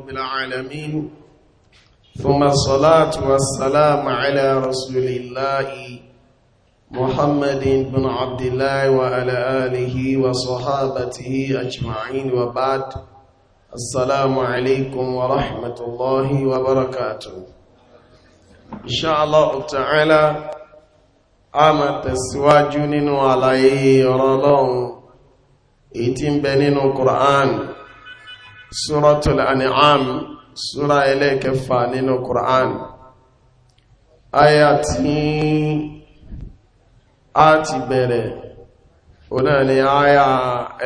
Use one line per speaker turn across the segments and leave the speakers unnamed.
رب العالمين ثم الصلاة والسلام على رسول الله محمد بن عبد الله وعلى آله وصحابته أجمعين وبعد السلام عليكم ورحمة الله وبركاته إن شاء الله تعالى آمت السواجون وعلى رلون إتم بنين القرآن Suratul An'am súra ẹlẹ́ẹ̀kẹfà nínú Qur'an ayat tí a ti bẹ̀rẹ̀ ọ̀nà ni aya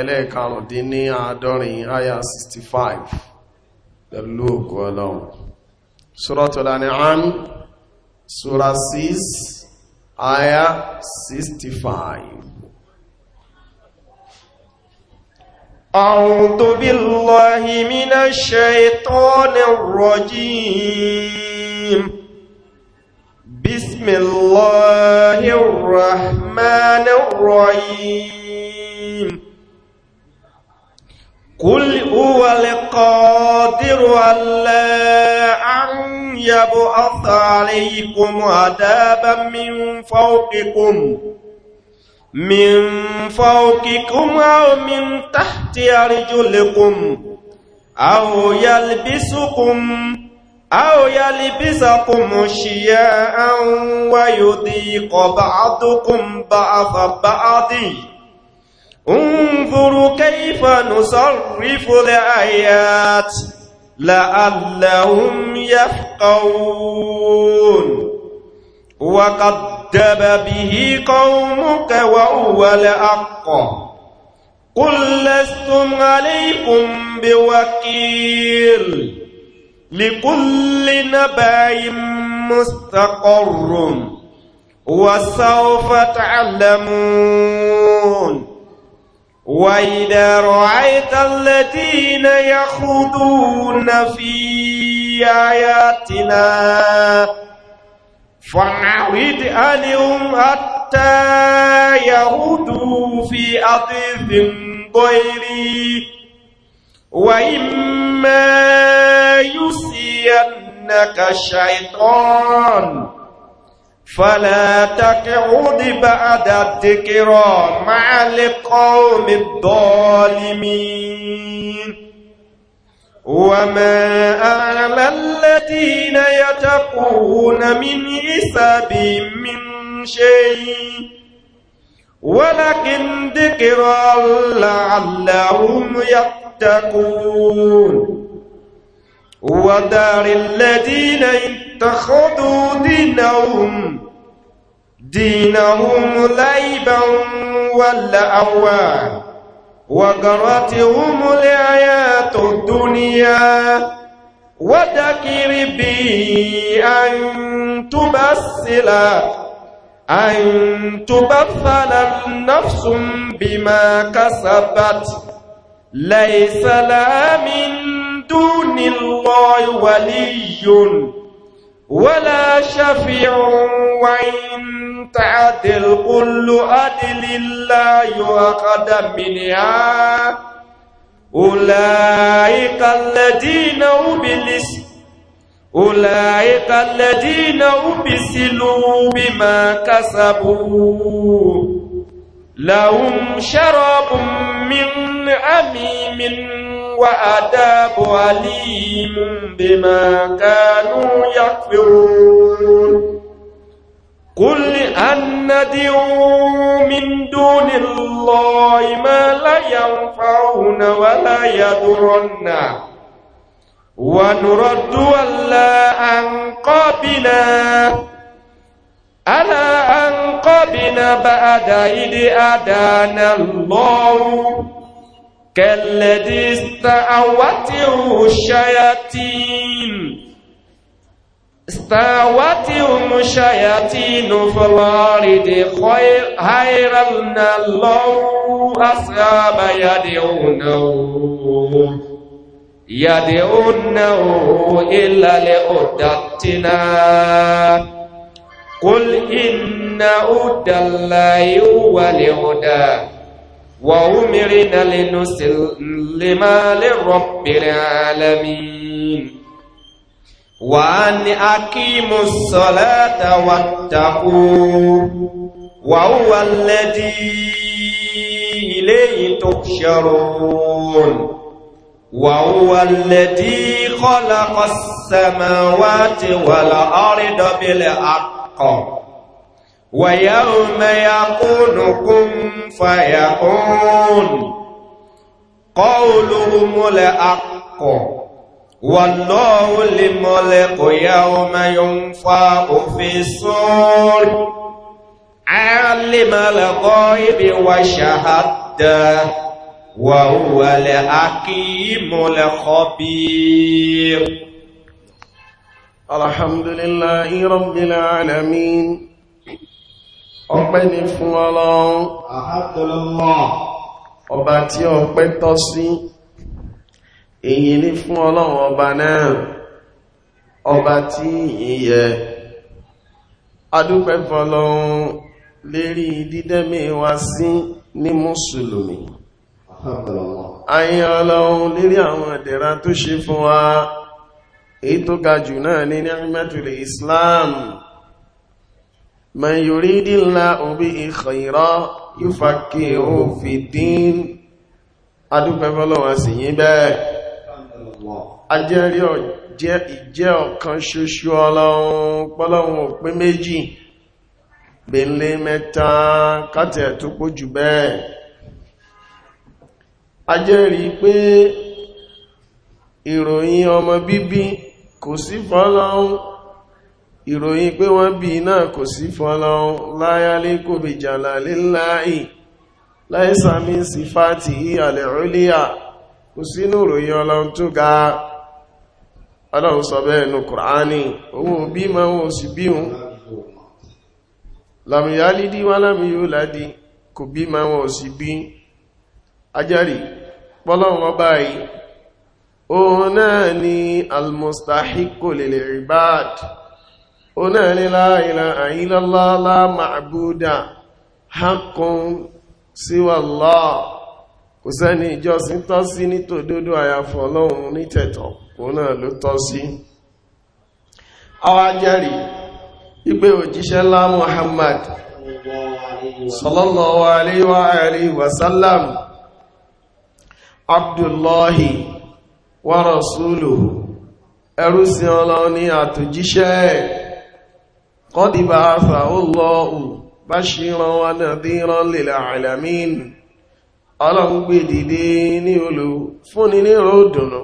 ẹlẹ́ẹ̀karùndínní àádọ́rin aya 65 pẹ̀lú òkú ọlọ́run Suratul An'am súra 6 aya 65
أعوذ بالله من الشيطان الرجيم بسم الله الرحمن الرحيم قل هو القادر على أن يبعث عليكم عذابا من فوقكم من فوقكم أو من تحت أرجلكم أو يلبسكم أو يلبسكم شياء ويضيق بعضكم بعض بعض انظروا كيف نصرف الآيات لعلهم يفقهون وقدب به قومك وهو الحق قل لستم عليكم بوكيل لكل نبع مستقر وسوف تعلمون وإذا رأيت الذين يخوضون في آياتنا
فنعود
عليهم حتى يهدوا في حديث غيري وإما يسينك الشيطان فلا تقعد بعد الذكرى مع القوم الظالمين وما أعلى الذين يتقون من حسابهم من شيء ولكن ذكرى لعلهم يتقون ودار الذين اتخذوا دينهم دينهم لعبا ولأوان وغرتهم الحياة الدنيا وذكر به أن تبصل أن تبفل النفس بما كسبت ليس لها من دون الله ولي ولا شفيع وإن تعدل كل عدل لا يؤخذ منها أولئك الذين أبلس أولئك الذين أبسلوا بما كسبوا لهم شراب من أميم وآداب عليم بما كانوا يكفرون قل أن ندعو من دون الله ما لا ينفعنا ولا يضرنا ونرد ولا أنقابنا على أنقابنا بعد إذ أدانا الله كالذي استعوته الشياطين استعوتهم الشياطين فوارد خير خير لنا الله أصحاب يدعونه يدعونه إلا لأدتنا قل إن أدى الله هو الهدى وأمرنا لنسلم لرب العالمين وأن أقيموا الصلاة واتقوه وهو الذي إليه تحشرون وهو الذي خلق السماوات والأرض بالحق ويوم يقول كن فيكون قولهم الحق والله الملك يوم ينفاق في الصور علم الغيب وشهد وهو
الحكيم الخبير الحمد لله رب العالمين ọpẹ́ ni fún ọlọ́run ọba tí ọpẹ́ tọ́ sí èyí ni fún ọlọ́run ọba náà ọba tí ìyẹ adúpẹ́ fọlọ́run lérí dídẹ́mí wa sí ní mùsùlùmí ayin ọlọ́run lérí àwọn ìdẹ̀ra tó ṣe fún wa èyí tó ga jù náà ní ní àmì mẹ́tùlẹ̀ islam من يريد الله به خيرا يفكر في الدين adúpẹ́ fọ́lọ́wọ́ sí yí bẹ́ẹ̀ ajẹ́rí ọ̀jẹ́ ìjẹ́ ọ̀kan ṣoṣo ọlọ́run pọ́lọ́run òpin méjì bèèlé mẹ́ta kátẹ̀ tó pọ̀ jù bẹ́ẹ̀ ajẹ́rí pé ìròyìn ọmọ bíbí ìròyìn pé wọ́n bí náà kò sí fọ́lọ́un láyálé kò bí jàlá líláì láìsàmí sí fàtí alẹ̀ kò sínú ìròyìn ọlọ́run ga ọlọ́run sọ bẹ́ẹ̀ nù kùránì owó bí ma wọ́n sì bí lámìyálídí wá náà ní la ilaha illallah la ma'buda haqqun siwallah kò sẹ́ni ìjọsìn tọ́ sí ní tòdodo àyàfọ́ ọlọ́run ní tẹ̀tọ̀ òun náà ló tọ́ sí àwa jẹ́rìí òjíṣẹ́ wa abdullahi wa rasuluhu ẹrú sí ọlọ́run ní àtòjíṣẹ́ قد بعثه الله بشيرا ونذيرا للعالمين ọlọ́run gbé dìde ní olù fúnni ní ròdùnù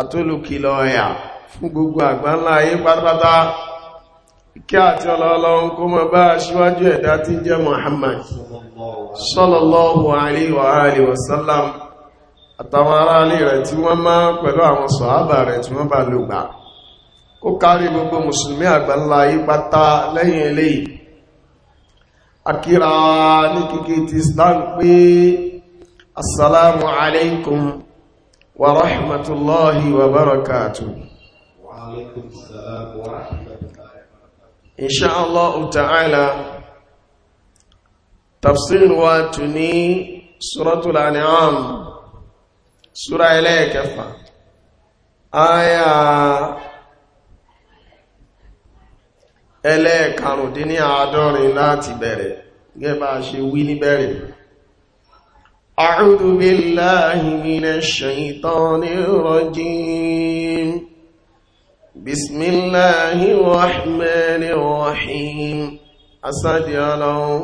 àtolùkìlọ̀ ẹ̀yà fún gbogbo àgbáńlá ayé pátápátá kí àti ọlọ́ọ̀lọ́run kó mọ̀ bá aṣíwájú ẹ̀dá tí jẹ́ Muhammad sallallahu alaihi kó kárí gbogbo mùsùlùmí àgbàlá ipata lẹ́yìn eléyìí akíra ní kíkí ti islam pé assalamu alaikum wa rahmatullahi wa barakatu wa alaikum assalam wa rahmatullahi insha Allah ta'ala tafsir wa tuni suratul an'am sura ilẹ̀ kẹfà aya ẹlẹ́ẹ̀karùndín ní àádọ́rin láti bẹ̀rẹ̀ gẹ́bà ṣe wí ní bẹ̀rẹ̀ أعوذ بالله من الشيطان الرجيم بسم الله الرحمن الرحيم asádìí ọlọ́run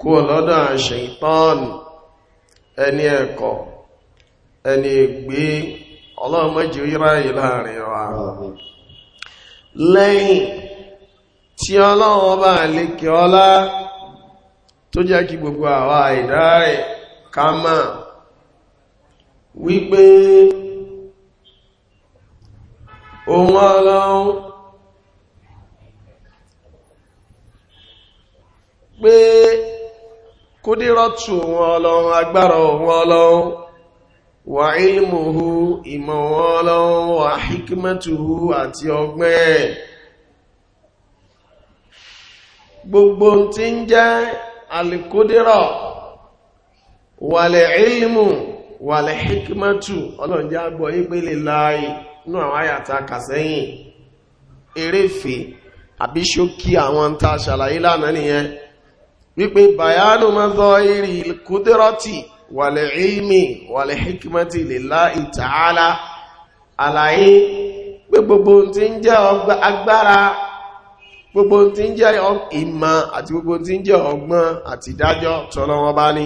kú ọlọ́dọ̀ àṣẹ ìtọ́ọ̀nù ẹni ẹ̀kọ́ ẹni ègbé ọlọ́run mọ́jì ríráyìí láàrin wa lẹ́yìn tí ọlọ́run ọba àlékẹ́ ọlá tó jẹ́ kí gbogbo àwa àìdá rẹ̀ ká mọ̀ wípé ohun ọlọ́run pé kúdírọ̀tù ohun ọlọ́run agbára ohun ọlọ́run wà ilmuhu ìmọ̀ ohun ọlọ́run wà hikmatuhu àti ọgbẹ́ ẹ̀ gbogbo tí ń jẹ́ alìkódérọ̀ wàlẹ̀ ilmù wàlẹ̀ hikimatu ọlọ́njẹ́ agbọ̀ ìpele láàáyì ní àwọn àyàtà kàsẹ́yìn eréfè àbí ṣókí àwọn ta ṣàlàyé lánàá nìyẹn wípé bayanu mọ́tọ́ ìrì kódérọ̀tì wàlẹ̀ ilmì wàlẹ̀ hikimati lillahi ta'ala àlàyé gbogbo tí ń jẹ́ agbára gbogbo tí ń jẹ́ ìmọ̀ àti gbogbo tí ń jẹ́ ọgbọ́n àti ìdájọ́ tọ́lọ́wọ́ bá ní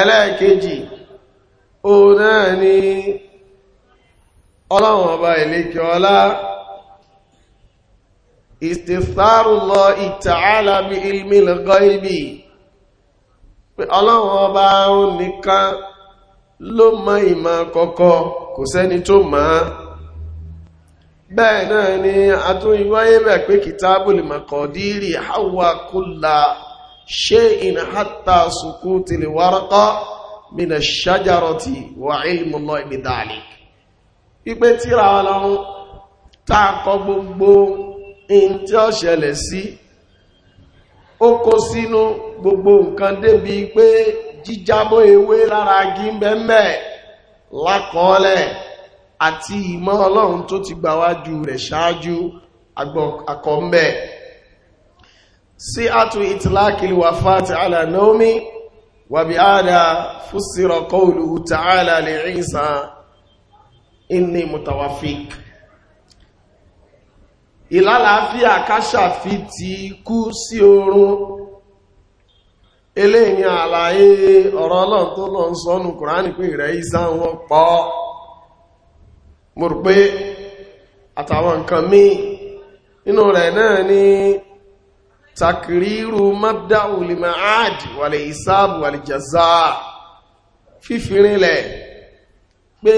ẹlẹ́ẹ̀kejì o náà ni ọlọ́wọ̀n ọba ìlékẹ́ ọlá ìstìfàrùlọ ìtààlà bí ilmi lọ́gọ́ ibi ọlọ́wọ̀n ọba nìkan ló mọ̀ ìmọ̀ kọ̀kọ̀ kò sẹ́ni tó mọ̀ bẹ́ẹ̀ náà ni a tún iwáyé bẹ̀ pé kitabul maqadiri hawa kulla shay'in hatta sukutil warqa mina shajarati wa ilmu Allahi bidhalik pípé tíra ọlọ́run tàkọ gbogbo in tí ó ṣẹlẹ̀ sí ó kó sínú gbogbo nǹkan débi pé jíjábọ́ ewé lára gí bẹ́ẹ̀ àti ìmọ̀ ọlọ́run tó ti gbàwájú rẹ̀ ṣáájú àkọ́m̀bẹ̀ sí àtò ìtìlákìlì wà fàtí àlà naomi wà bí àdá fúsìrọ̀ kọlù tààlà lè ríṣà inú mutawafik ìlàlàáfíà káṣà fi ti kú sí oorun eléyìn àlàyé ọ̀rọ̀ ọlọ́run lọ sọ́nù kùránì pé ìrẹ̀ ìsáwọn pọ̀ mo rò pé àtàwọn nǹkan míì nínú rẹ̀ náà ni takiriru mabda'u lil ma'ad wal hisab wal jazaa fífirinlẹ̀ pé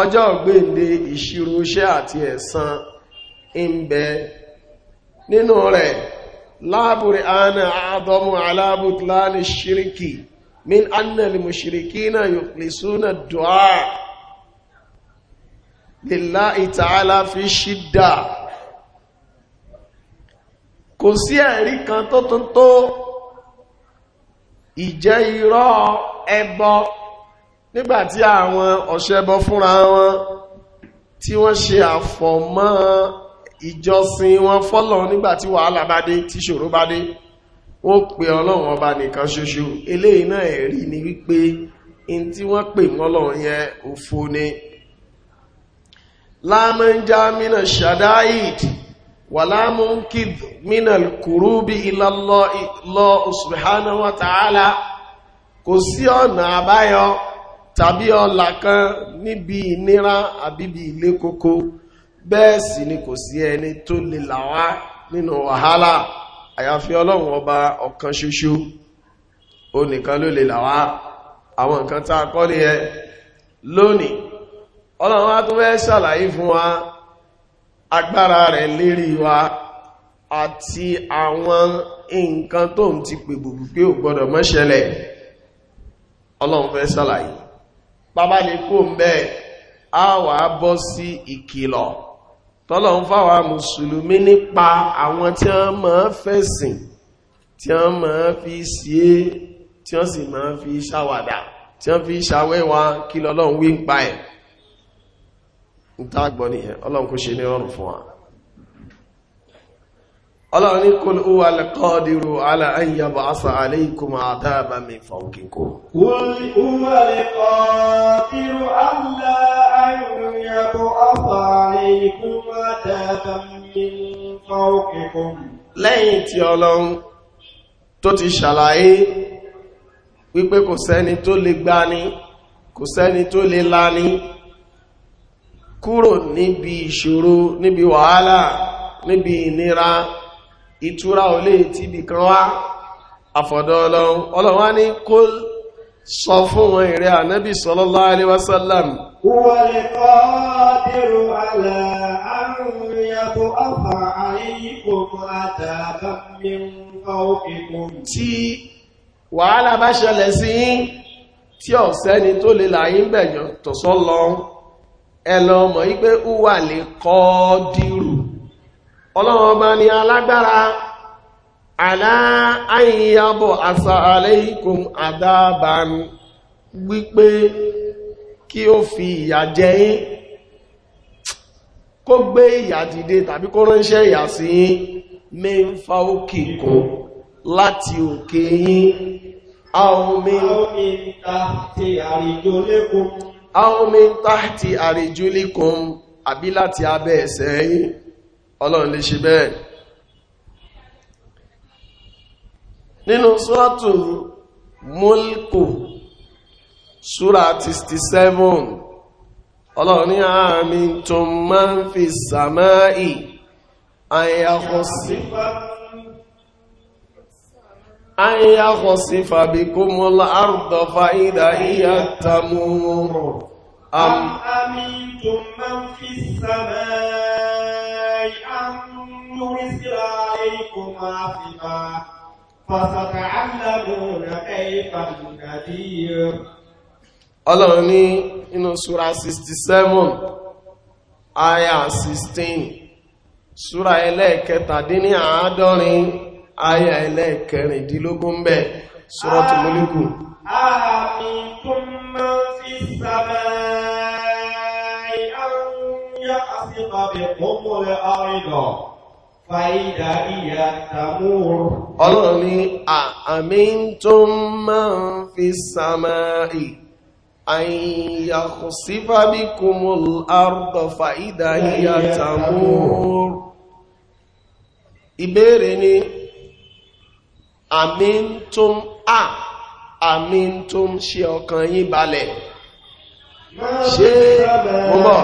ọjọ́ ògbéǹde ìṣirò iṣẹ́ àti ẹ̀san ń bẹ nínú rẹ̀ láàbùrì àánà àádọ́mù aláàbùtláni ṣíríkì min annal mushrikina yukhlisuna du'a lillahi ta'ala fi ṣídà kò sí ẹ̀rí kan tó tún tó ìjẹ́ irọ́ ẹbọ nígbàtí àwọn ọ̀ṣẹ́bọ fúnra wọn tí wọ́n ṣe àfọ̀mọ́ ìjọsìn wọn fọ́lọ̀ nígbàtí wàhálà bá dé tí ṣòro bá dé wọ́n pe ọlọ́run ọba nìkan ṣoṣo eléyìí náà ẹ̀rí ni wípé in tí wọ́n pè mọ́lọ́run yẹn òfo ni láàmán já mínà ṣàdáìd wà láàmán kí mínà kúrú bí ilọ́lọ́ ọ̀sùnmọ̀hánà wa ta'ala kò sí ọ̀nà àbáyọ tàbí ọlà kan níbi ìnira àbíbi ilé kókó bẹ́ẹ̀ sì ni kò sí ẹni tó lè làwá nínú wàhálà àyàfi ọlọ́run ọba ọ̀kan ṣoṣo ó nìkan ló lè làwá àwọn nǹkan tá a kọ́ lè ẹ lónìí ọlọ́run wá tún fẹ́ ṣàlàyé fún wa agbára rẹ̀ lérí wa àti àwọn nǹkan tó ń ti pè gbogbo pé ò gbọ́dọ̀ mọ́ ṣẹlẹ̀ ọlọ́run fẹ́ ṣàlàyé bàbá lè kó ń bẹ́ẹ̀ á wà bọ́ sí ìkìlọ̀ tọ́lọ́run fáwa mùsùlùmí nípa àwọn tí wọ́n máa fẹ̀sìn tí wọ́n máa fi ṣe tí wọ́n sì máa fi ṣàwàdà tí wọ́n fi ṣàwẹ́wà kí lọ́lọ́run wí ń pa ẹ̀ ìtàgbọ́ ni ọlọ́run kó ṣe ní ọrùn fún wa ọlọ́run ní kò lówà lẹ́kọ́ọ̀dìrò ala an yab'asa alaykum adhaban min fawqikum lẹ́yìn tí ọlọ́run tó ti ṣàlàyé wípé kò sẹ́ni tó lè gbani kò sẹ́ni tó lè lani kúrò níbi ìṣòro níbi wàhálà níbi ìnira ìtura olè tí ibi kan wá àfọ̀dọ̀ ọlọ́run ọlọ́run wá ní kó sọ fún wọn ìrẹ́ ànábì sallallahu alaihi wasallam tí wàhálà bá ṣẹlẹ̀ sí tí ọ̀sẹ́ni tó lè láyín bẹ̀yàn tọ̀sọ́ ẹ̀lọ ọmọ wípé ó wà lè kọ́ dìrù ọlọ́run ọba ni alágbára aláàyíyàbọ̀ àṣà aláìkùn àdábàánu wípé kí ó fi ìyà jẹ yín kó gbé ìyà dìde tàbí kó ránṣẹ́ ìyà sí yín ń fa òkè kò láti òkè yín àwọn omi ìta ti àrìjò lékòó aomi táàtì àríjúlíkun àbí láti abẹ́ ẹsẹ̀ yín ọlọ́run lè ṣe bẹ́ẹ̀ nínú súrọ́tù múlkù súra 67 ọlọ́run ní àmì tó máa ń fi sàmáì àyàkọ̀sí an yá kọsí fàbí kó mọ́lá àrùdọ̀ fa'ida iya tamuru am
amintum man fi samai
an nurisila alaykum afiba
fasata'allamuna kayfa nadir ọlọ́run ní inú súra 67 aya 16 súra ẹlẹ́ẹ̀kẹtàdínní àádọ́rin ayà ẹlẹ́ẹ̀kẹrìndínlógún ń bẹ Suratu Mulku أأمنتم
من في السماء أن يخسف
بكم الأرض فإذا هي تمور Ọlọ́run ní أأمنتم من في السماء أن يخسف بكم الأرض فإذا هي تمور Ìbéèrè ni àmìntún à àmìntún ṣe ọkàn yín balẹ̀ ṣe mọ́bọ̀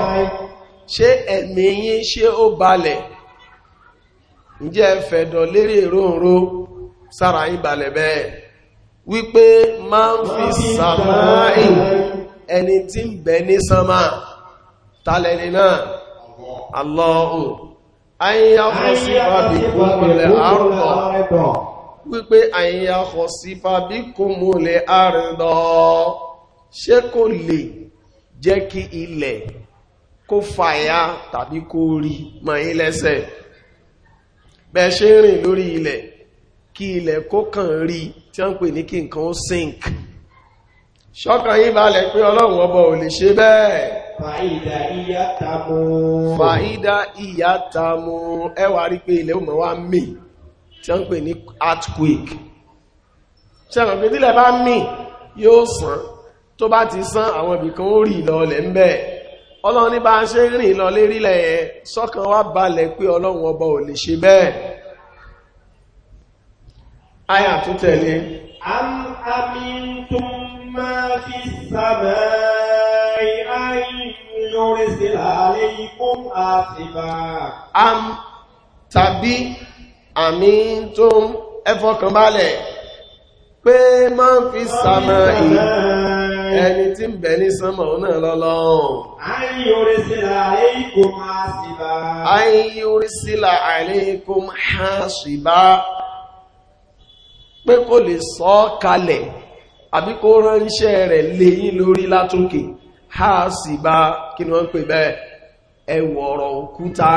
ṣe ẹ̀mí yín ṣe ó balẹ̀ ǹjẹ́ fẹ̀dọ̀ lérí ronro sára yín balẹ̀ bẹ́ẹ̀ wípé máa ń fi sàmáì ẹni tí ń bẹ ní sánmà tàlẹ̀ni náà Allahu ayyahu sí fàbí kúrò lẹ́ àrùn wípé àyíyá ọkọ̀ sífà bí kò mú lè àrìnà ṣé kò lè jẹ́ kí ilẹ̀ kó fàyà tàbí kó rí mọ́ yín lẹ́sẹ̀ bẹ́ẹ̀ ṣe ń rìn lórí ilẹ̀ kí ilẹ̀ kó kàn rí tí wọ́n pè ní kí nǹkan sink ṣọ́kàn yín balẹ̀ pé ọlọ́run ọba ò lè ṣe bẹ́ẹ̀ fàídà ìyá tàmù fàídà ìyá tàmù ẹwà rí pé ilẹ̀ ó mọ̀ mìí tí a ń pè ní earthquake ṣẹ́nà pé tílẹ̀ bá mì yóò sàn tó bá ti sán àwọn ibìkan ó rì lọ ń bẹ̀ ọlọ́run ní bá ń ṣe rìn lọ lérílẹ̀ yẹn sọ́kàn wá balẹ̀ pé ọlọ́run ọba ò lè ṣe bẹ́ẹ̀ àyà tó tẹ̀lé am tàbí àmì tó ẹfọkànbalẹ̀ pé ma ń fi sàmà ẹni tí ń bẹ ní sánmà ọ̀nà lọ́lọ́run ayyúrísílà àìlẹ́kùn hásìbá pé kò lè sọ kalẹ̀ àbí kó ránṣẹ́ rẹ̀ lè yí lórí látòkè hásìbá kí ni wọ́n pè bẹ́ẹ̀ ẹwọ̀rọ̀ òkúta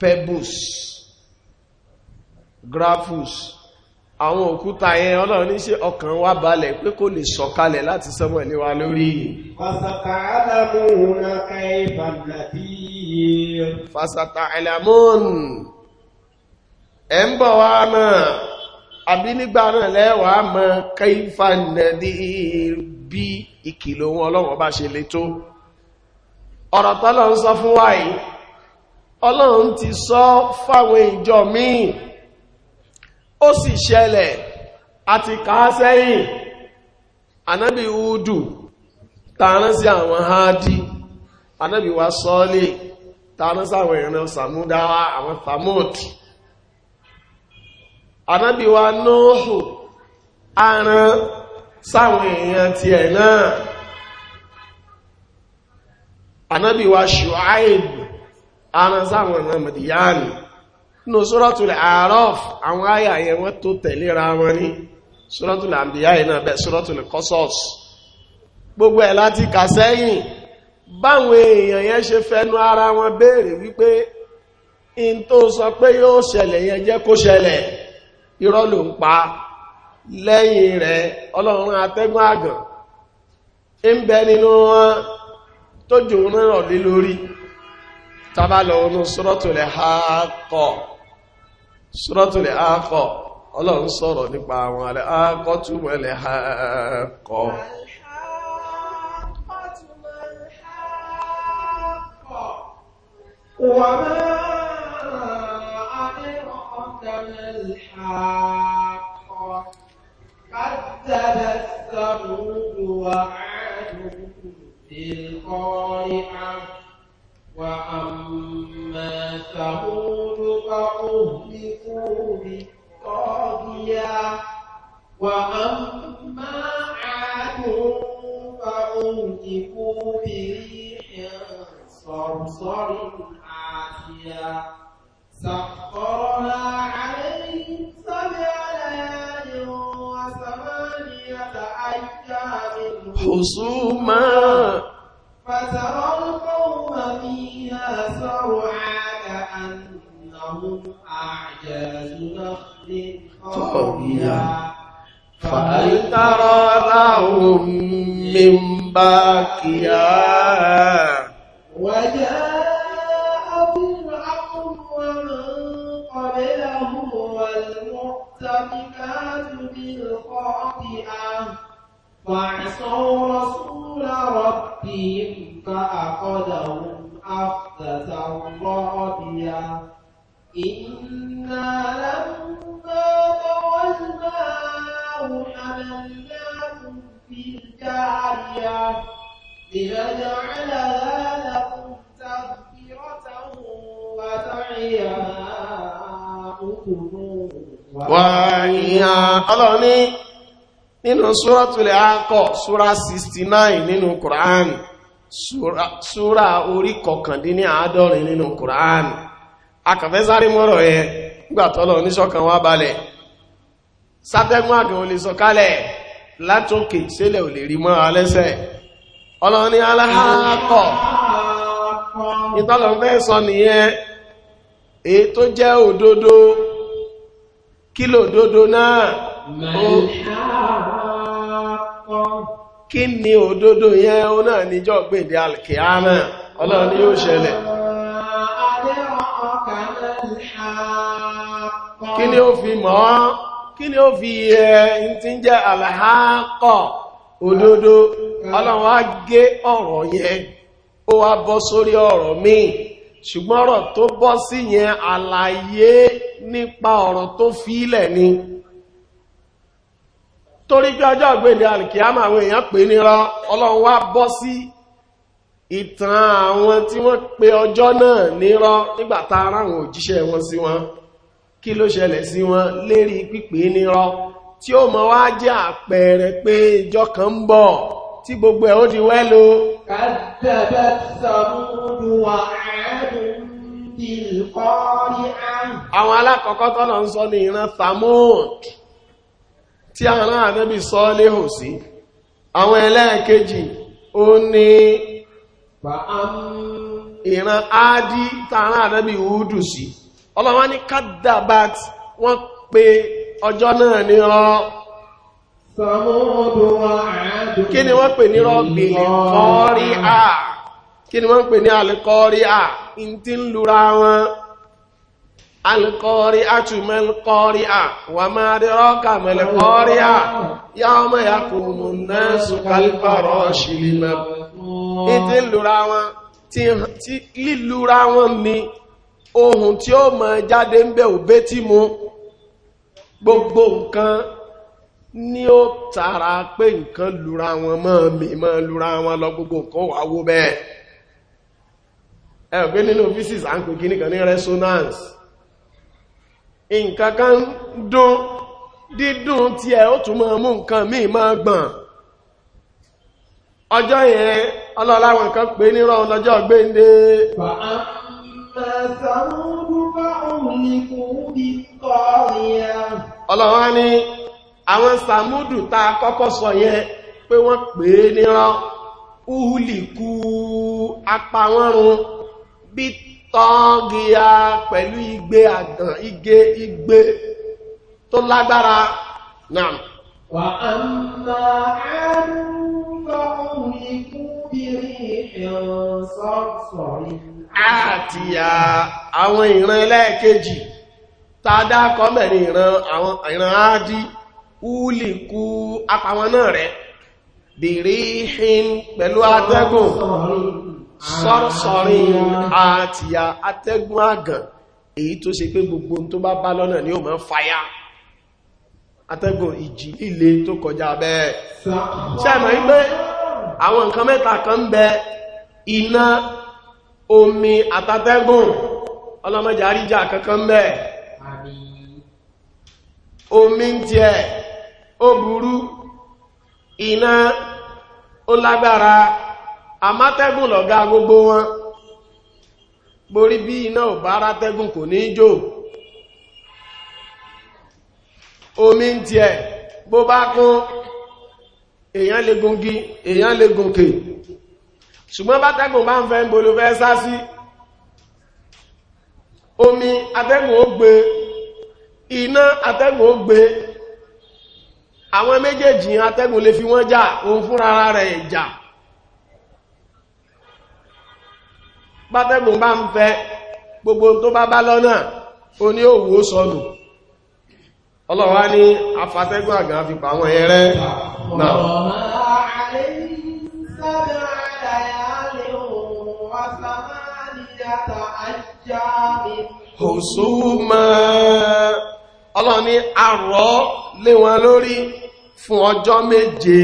pebbles grafus àwọn òkúta yẹn ọlọ́run ní ṣe ọkàn wa balẹ̀ pé kò lè sọ̀kalẹ̀ láti sọ́mọ̀ ilé wa lórí fasata alamun ẹ̀ ń bọ̀ wá mọ̀ àbí nígbà náà lẹ́wàá mọ̀ kaifa nadi bí ìkìlọ̀ wọn ọlọ́run bá ṣe le tó ọ̀rọ̀ tọ́lọ́run sọ fún wa yìí ọlọ́run ti sọ fáwọn ìjọ míì ó sì ṣẹlẹ̀ àti kàá sẹ́yìn anábì Húdù tààrán sí àwọn háàdì anábì wa sọ́ọ́lì tààrán sí àwọn ìran sàmúdáwà àwọn thamud anábì wa nóòhù aran sáwọn èèyàn ti ẹ̀ náà anábì wa Ṣuaib aran sáwọn èèyàn Màdíyánì nínú suratul A'raf àwọn àyà yẹn wọ́n tó tẹ̀léra wọn ní suratul Anbiya yìí náà bẹ́ suratul Qasas gbogbo ẹ̀ láti kà sẹ́yìn báwọn èèyàn yẹn ṣe fẹ́nu ara wọn béèrè wípé in tó sọ pé yóò ṣẹlẹ̀ yẹn jẹ́ kó ṣẹlẹ̀ irọ́ ló ń pa lẹ́yìn rẹ̀ ọlọ́run atẹ́gùn àgàn ń bẹ nínú wọn tó jù rán rọ̀ lé lórí tabalọ̀ ọ̀nà suratul Haqqa ṣúrọ́tù lè ákọ̀ ọlọ́run sọ̀rọ̀ nípa àwọn alẹ́ ákọ̀ túnmọ̀ lè ákọ̀ كذبت
ثمود فأهلكوا بالطاغية وأما عاد فأهلكوا بريح صرصر عاتية سخرها عليهم سبع ليال وثمانية أيام
حسوما
فترى القوم فيها سرعا أعجاز نخل خاوية
فهل ترى لهم من باكيا وجاء
فرعون ومن قبله والمؤتمكات بالخاطئة فعصوا رسول ربهم فأخذهم أخذة رابية إنا لما طوى الماء حملناكم في الجارية لنجعلها لكم تذكرة وتعيها
wàáyà ọlọ́ni nínú súratul A'qaf súra 69 nínú Kùránì súra orí kọkàndínní àádọ́rin nínú Kùránì akànfẹ́ sáré mọ́rọ̀ yẹn gbàtọ́lọ̀ oníṣọ́kan wá balẹ̀ sátẹ́gùn àgàn olè sọ̀kalẹ̀ látòkè sílẹ̀ ò lè rí mọ́ alẹ́sẹ̀ ọlọ́run ní
aláhàkọ̀
sọ nìyẹn èyí tó jẹ́ òdodo kí lòdodo náà kí ni òdodo yẹn ó náà níjọ́ gbèdé yóò
kí ni ó fi mọ̀ ọ́
kí ni ó fi ẹ tí ń jẹ́ àlàákọ̀ òdodo ọlọ́run á gé ọ̀rọ̀ yẹn ó wá bọ́ sórí ọ̀rọ̀ míì ṣùgbọ́n ọ̀rọ̀ tó bọ́ sí yẹn àlàyé nípa ọ̀rọ̀ tó fílẹ̀ ni torí pé ọjọ́ ìgbèdè alìkìyàmà àwọn èèyàn pè nírọ́ ọlọ́run wá bọ́ sí ìtàn àwọn tí wọ́n pe ọjọ́ náà nírọ́ nígbàtà ara òjíṣẹ́ wọn sí wọn kí ló ṣẹlẹ̀ sí wọn lérí pípé nírọ́ tí ó mọ̀ wá jẹ́ àpẹẹrẹ pé ìjọ kan ń bọ̀ tí gbogbo ẹ̀ ó di wẹ́lo. àwọn alákọ̀ọ́kọ́ tọ́lọ ń sọ ní ìran Thamud tí àrán àdẹ́bì sọ léhò sí àwọn ẹlẹ́ẹ̀kejì ó ní ìran Áádì tààrán àdẹ́bì Húdù sí. ọlọ́wọ́n ní kadabat wọ́n pe ọjọ́ náà ní rọ́ kí ni wọ́n pè ní rọ́gbì kọ́rí à kí ni wọ́n pè ní alìkọ́rí à in ti ń lura wọn alìkọ́rí àtùmẹ́lìkọ́rí à wà máa rí rọ́kà mẹ́lìkọ́rí à yá ọmọ ya kò mú náà sùkálífà rọ́ọ̀ṣì ohun tí ó máa jáde ń bẹ òbé tí mu gbogbo nǹkan ní ó tara pé nǹkan lura wọn mọ́ mi mọ́ lura wọn lọ gbogbo nǹkan wà wó bẹ́ẹ̀ ẹ pé nínú physics à ń pè kíní kan ní resonance nǹkan kan dún dídùn tí ẹ ó tún máa mú nǹkan míì máa gbọ̀n ọjọ́ yẹn ọlọ́láwọn kan pè Ọlọ́run ní àwọn Sàmúdù ta kọ́kọ́ sọ yẹn pé wọ́n pè é nírọ́, Uhulikú apá wọn run bí tọ́gíyà pẹ̀lú igbe àdàn igé igbe tó lágbára náà. Wà á
máa àrùn fọ́ òun ikú bí rí
ìrìn sọ́rọ̀ àtìyà àwọn ìran ẹlẹ́ẹ̀kejì tàdá kọ́mẹ̀rin ìran àwọn ìran áádí úlì kú apàwọn náà rẹ̀ bèèrè hìn pẹ̀lú atẹ́gùn sọ́rọ̀sọ́rin àtìyà atẹ́gùn àgàn èyí tó ṣe pé gbogbo tó bá bá lọ́nà ni ó máa fàyà atẹ́gùn ìjì líle tó kọjá bẹ́ẹ̀ iná omi àtàtẹ́gùn ọlọ́mọjà àríjà kankan mẹ́ omi ń tí ẹ̀ ó burú iná ó lágbára àmátẹ́gùn lọ̀gá gbogbo wọn borí bí iná ò bá rátẹ́gùn kò ní jò omi ń tí ẹ̀ bó bá kún èèyàn lè gungi èèyàn lè gùnkè ṣùgbọ́n bátẹ́gùn bá ń fẹ́ ń bolo fẹ́ sá sí omi atẹ́gùn ó gbé iná atẹ́gùn ó gbé àwọn méjèèjì atẹ́gùn lè fi wọ́n jà òun fúnra rẹ̀ jà bá ń gbogbo tó bá bá lọ́nà ó ní òwú ó sọnù ní afàtẹ́gùn àgbà fi pàwọn náà hùsùmá ọlọ́run ní àrọ́ lé wọn lórí fún ọjọ́ méje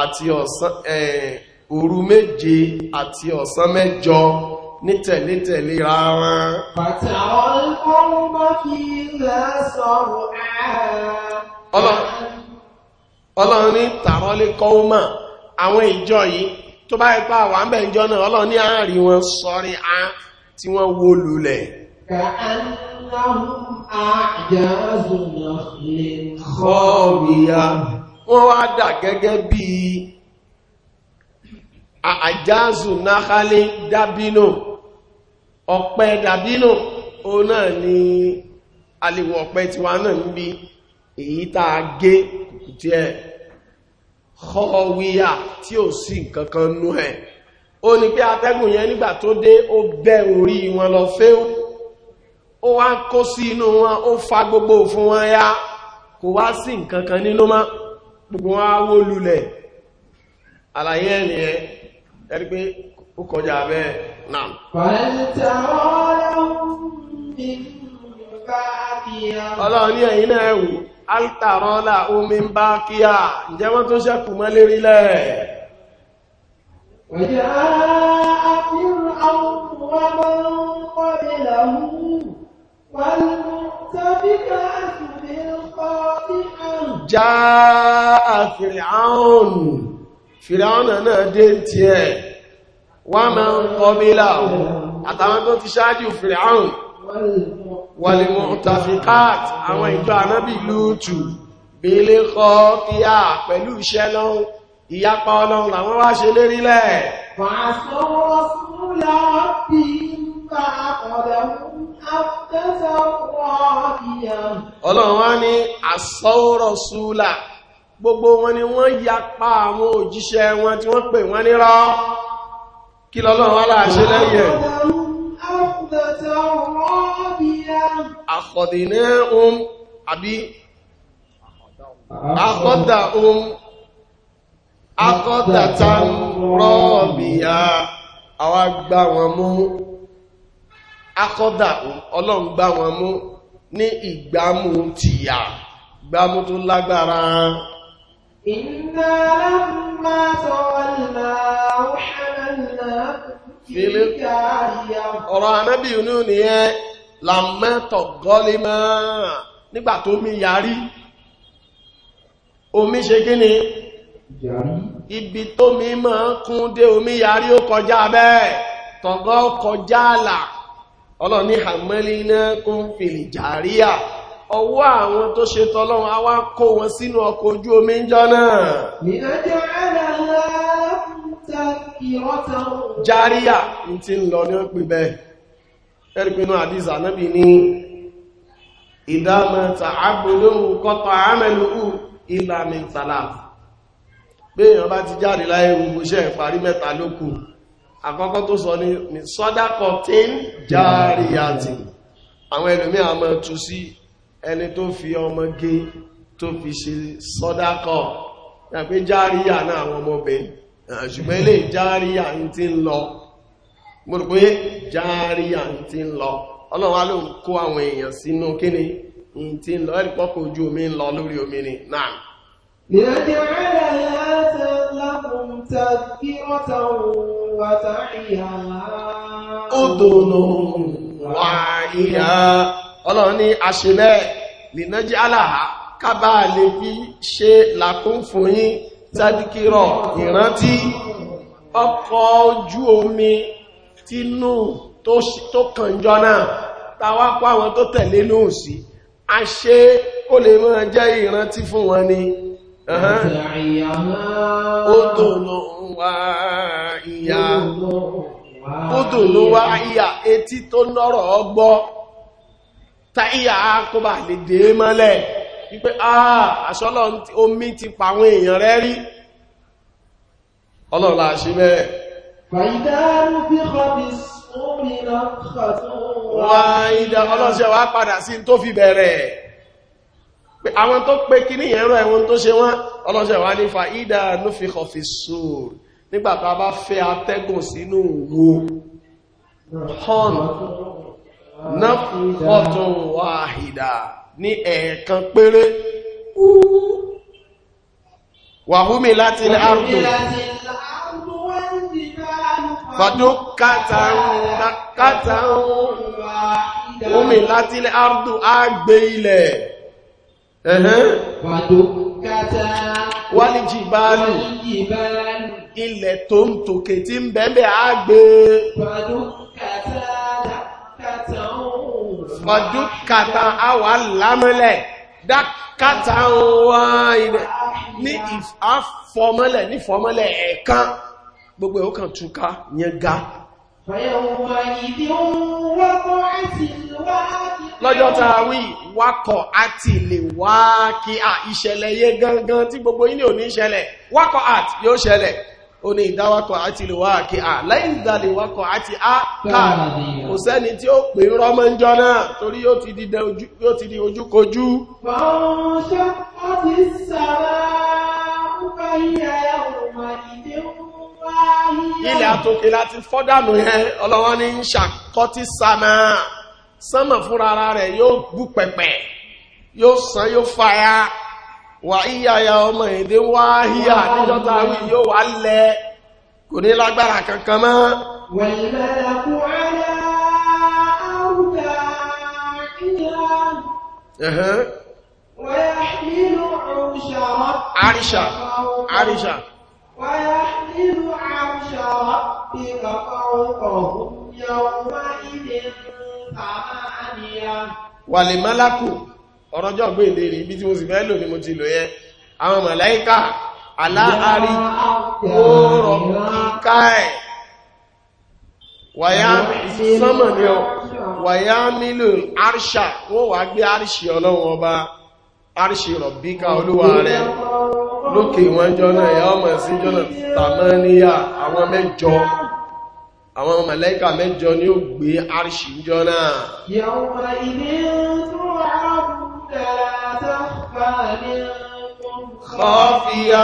àti ọ̀sán òru méje àti ọ̀sán mẹ́jọ ní tẹ̀lé-tẹ̀lé rárá. Bàtàwọn
ọlọ́run bá kí ilẹ̀ sọ̀rọ̀
ààrẹ. Ọlọ́run ní tàrọ́lé kọ́ọ́mà àwọn ìjọ yìí tó bá ipá wà ń bẹ̀ ìjọ náà ọlọ́run ní wọn sọ́rí ààrẹ tí wọ́n wó lulẹ̀ wọ́n wá dà gẹ́gẹ́ bí àjáàzù náhálé dábínò ọ̀pẹ dábínò o náà ni aliwọ̀ ọ̀pẹ tiwa náà ń bí èyí tàà gé kùkùtì ẹ̀ kọ́wíyà tí ò sí nǹkankan nú ẹ̀ ó ní pé atẹ́gùn yẹn nígbà tó dé ó bẹ́ orí wọn lọ fẹ́ ó wá kó sí inú wọn ó fa gbogbo fún wọn ya kò wá sí nǹkan kan nínú gbogbo wọn wó lulẹ̀ àlàyé ẹni ẹ ẹni pé ó kọjá bẹ́ẹ̀ náà.
ọlọ́run ní ẹ̀yìn náà
ẹ̀wù omi ń bá kíá ǹjẹ́ wọ́n tó ṣẹ́kù mọ́ وجاء
فرعون ومن قبله والمؤتفكات بالخاطئة
جاء فرعون فرعون náà dé tiẹ̀ wọ́n máa ń kọbílà àtàwọn tó ti ṣáájú fir'aun wàlìmọ̀ tafikat àwọn ìjọ ànábì lútù bí lè kọ́ kí á pẹ̀lú iṣẹ́ lọ́wọ́ ìyapa ọlọ́run làwọn wá ṣe lérí lẹ̀. ọlọ́run wá ní àsọ́rọ̀ súlà gbogbo wọn ni wọ́n yapa àwọn òjíṣẹ́ wọn tí wọ́n pè wọ́n nírọ́ kí lọ́lọ́run wá láà ṣe lẹ́yìn àkọ̀dì náà um àbí àkọ́dà um akọ́tàtà rọ́ọ̀bìyà àwa gbá wọn mú akọ́dà ọlọ́run gbá wọn mú ní ìgbámú tìyà gbámú tó lágbára iná lámà tọ́lá òṣèlú fílíkà ọ̀rọ̀ anábì inú nìyẹn lámẹ́tọ̀ gọ́límà nígbà tó mi yarí omi ṣe gíní ibi tómi máa ń kún dé omi yarí ó kọjá bẹ́ẹ̀ tọ̀gọ́ kọjá àlà ọlọ́ni hàmẹ́línà kún fìlì jàríà ọwọ́ àwọn tó ṣe tọ́lọ́run a wá kó wọn sínú ọkọ̀ ojú omi ń jọ náà jàríà ní ti ń lọ ní ó pè bẹ́ẹ̀ ẹ̀rìpinú àdíza náàbì ní ìdámẹ́ta àbúrò kọta àmẹ́lú ìlàmìtàlàfù béèyàn bá ti jáde láyé gbogbo iṣẹ́ ìparí mẹ́ta lókù àkọ́kọ́ tó sọ ní sọ́dákọ̀ tí ń járe àti àwọn ẹlòmí àmọ́ tú sí ẹni tó fi ọmọge tó fi ṣe sọ́dákọ̀ yàgbé járíyà náà àwọn ọmọbìnrin ṣùgbọ́n ilé járe ń ń lọ ti ń lọ ليجعلها
لكم تذكرة وتعيها
أذن واعية ọlọ́run ní àṣìbẹ́ lìnájí aláha kábà lè fi ṣe làkún fún yín tàbíkírọ̀ ìrántí ọkọ̀ ojú omi tínú tó kànjọ náà tàwápá àwọn tó tẹ̀lé lóòsí a ó lè mọ́ jẹ́ ìrántí fún wọn ni Odùnú wá ìyà etí tó nọ́rọ̀ ọgbọ́, ta kó bà lè dé mọ́lẹ̀, wípé àà ah, àṣọ́lọ́ omi ti pàwọn èèyàn rẹ̀ rí. Ọlọ́lá ṣe bẹ́ẹ̀.
Fàídárú bí sórí
ìdá ọlọ́ṣẹ́ wá padà sí tó fi àwọn tó pé kí ní ẹ̀rọ ẹ̀wọ̀n tó ṣe wọ́n ọlọ́ṣẹ̀ wá ní fàídà ló fi kọ̀ fi sóòr nígbàtà bá fẹ́ atẹ́gùn sínú wo hàn náfùkọ́tún wàhìdà ní ẹ̀ẹ̀kan péré wàhúmi láti àrùn fàdókátà ń wúmi láti àrùn àgbé ilẹ̀
wàlìjìbálù
ilẹ̀ tó ń tòkè tí ń bẹ̀bẹ̀ àgbè fọdúkàtà àwà lámọ́lẹ̀ dákàtà wà ilẹ̀ ní ìfọ́mọ́lẹ̀ ní ìfọ́mọ́lẹ̀ ẹ̀kan gbogbo ẹ̀kàn túká yẹn ga lọ́jọ́ tá a wí wakọ̀ àti lè wá kí à ìṣẹ̀lẹ̀ yẹ gangan tí gbogbo ilé òní ṣẹlẹ̀ wakọ̀ àti yóò ṣẹlẹ̀ ó ní ìdáwakọ̀ àti lè wá kí à lẹ́yìn ìdàlè wakọ̀ àti à káà kò sẹ́ni tí ó pè rọmọ́njọ́ náà torí yóò ti di ojúkojú Fọ́nṣẹ́ ilẹ̀ àtòkè láti fọ́dànù yẹn ọlọ́wọ́ ní ń ṣàkọ́tí sàmà sánmà fúnra ara rẹ̀ yóò bú pẹ̀pẹ̀ yóò sàn yóò fàyà wà íyàyà ọmọ èdè wá híyà níjọ́ta wí yóò wà lẹ̀ kò ní lágbára kankan mọ́ Àríṣà,
àríṣà. ويحمل عرش ربك
فوقهم
يومئذ ثمانية
والملك ọ̀rọ̀jọ́ gbé ìlérí ibi tí mo sì fẹ́ lò ní mo ti lò yẹn àwọn màláíkà aláàrí oòrọ̀ kíká ẹ̀ wàyá sọ́mọ̀ ní ọ wàyá mílò àríṣà wọ́n wà gbé àríṣì ọlọ́run ọba àríṣì rọ̀bíkà olúwa rẹ̀ lókè wọn jọ́nà ya ọmọ sí jọ́nà tàmáníyà àwọn mẹ́jọ àwọn màláíkà mẹ́jọ ni ó gbé arṣì jọ́nà
kọfíà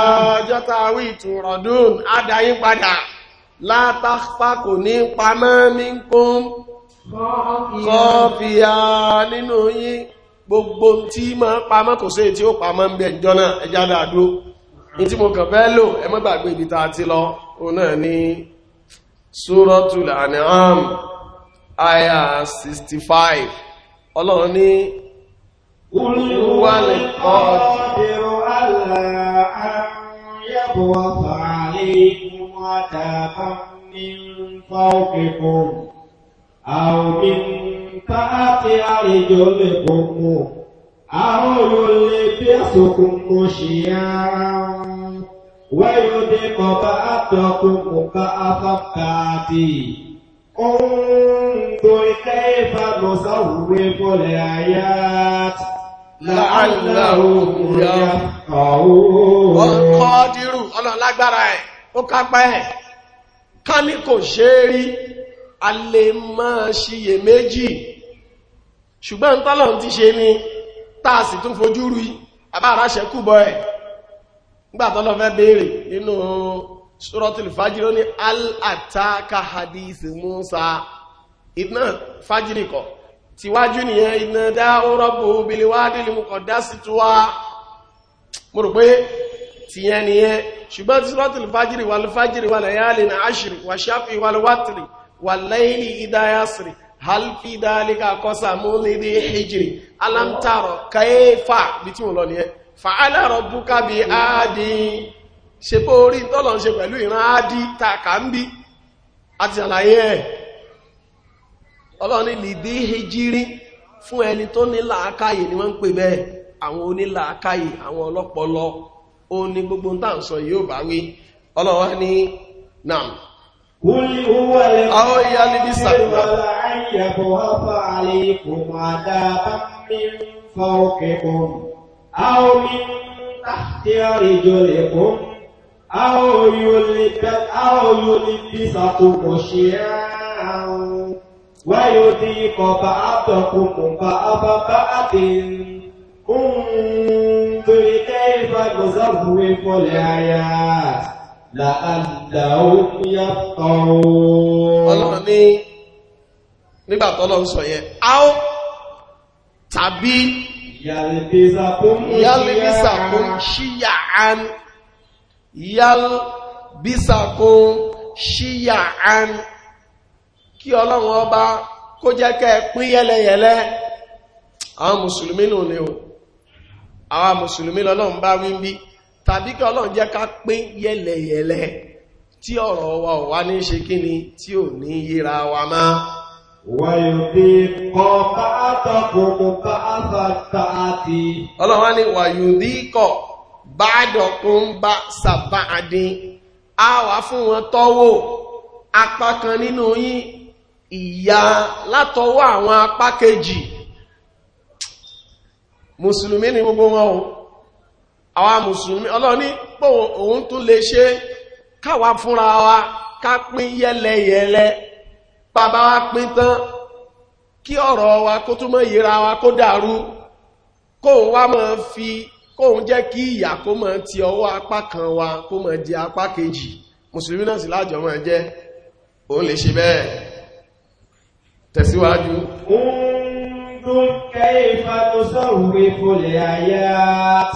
jọta wí ìtùrọ̀dún adáyí padà látàpá kò ní pamọ́ ní kún kọfíà nínú yí gbogbo tí ma pamọ́ kò sí tí ó pamọ́ ń bẹ̀ jọ́nà ẹjádà ní tí mo kàn fẹ́ lò ẹ má gbàgbé ibi tá a ti lọ òun náà ní Suratul An'am aya 65 ọlọ́run ní olúwàlẹ̀ kọ́ọ̀dẹ̀rọ
aláàrẹ̀ يلبسكم مشيعا ويذيق بأسكم كأس
انظر
كيف نصرف الآيات لعلهم يفقهون
والقادر ọlọ́run lágbára ẹ̀ ó kápá ẹ̀ ká ní kò ṣe é rí a lè máa ṣiyèméjì ṣùgbọ́n tọ́lọ̀ ti ṣe ni táàsì tún fojú rí àbá aráṣẹ́ kúbọ̀ ẹ̀ gbàtọ́lọ́ fẹ́ béèrè nínú ṣúrọ́tìlì fàájíró ní al'ataka hadith musa iná fàájírì kọ̀ tíwájú nìyẹn iná dá rọ́bù biliwádìí lè mú kọ̀ dá sí tuwá mo rò pé tìyẹn nìyẹn ṣùgbọ́n tí ṣúrọ́tìlì fàájírì wà fàájírì wà yálì hal fi dhalika qasamu lidhi hijri alam tara kayfa bí fa ala rabbuka bi adi ṣe bó rí tọ́lọ̀ adi ta kà ń bí àti àlàyé ẹ̀ ọlọ́ni lidhi hijri fún to tó ní làákàyè ni wọ́n ń pè bẹ́ẹ̀ àwọn onílàákàyè àwọn ọlọ́pọlọ ó ní gbogbo ta n so yi yóò ba wi ọlọ́wọ́ nam قل هو أو يلبسكم ولعن يبعث
عليكم عذابا من فوقكم أو
من تحت
رجلكم أو يلبسكم شيعا ويذيق بعضكم بعض بعض انظر كيف نزوف
الآيات La làálàó yàtọ̀ ọlọ́run ní nígbà tọ́lọ́run sọ yẹn áó tàbí yálẹ́bísàkún ṣíyà án yálẹ́bísàkún ṣíyà án kí ọlọ́run ọba kó jẹ́ kẹ́ pín yẹ́lẹ́yẹ́lẹ́ àwọn mùsùlùmí nù ni o àwọn mùsùlùmí lọ́lọ́run bá wí bí tàbí kí ọlọ́run jẹ́ ká pín yẹlẹyẹlẹ tí ọ̀rọ̀ wa ò wá ní ṣe kí ni tí ò ní yíra wa má wàyòdé bá àtọkùnkù bá sàbá àdín a wà fún wọn tọ́wò apá kan nínú yín ìyà látọwọ́ àwọn apá kejì mùsùlùmí ni gbogbo wọn o àwa mùsùlùmí ọlọ́ni pò òun tún lè ṣe káwa fúnra wa ká pín yẹ́lẹyẹ̀lẹ bàbá wa pín tán kí ọ̀rọ̀ wa kó túnmọ̀ yíra wa kó dàrú kóun wá mọ́ fi kóun jẹ́ kí ìyà kó mọ́ ti ọwọ́ apá kan wa kó mọ́ di apá kejì mùsùlùmí náà sì lájọ mọ́ jẹ́ òun lè ṣe bẹ́ẹ̀ tẹ̀síwájú Unzur
kayfa nusawwifu al-ayat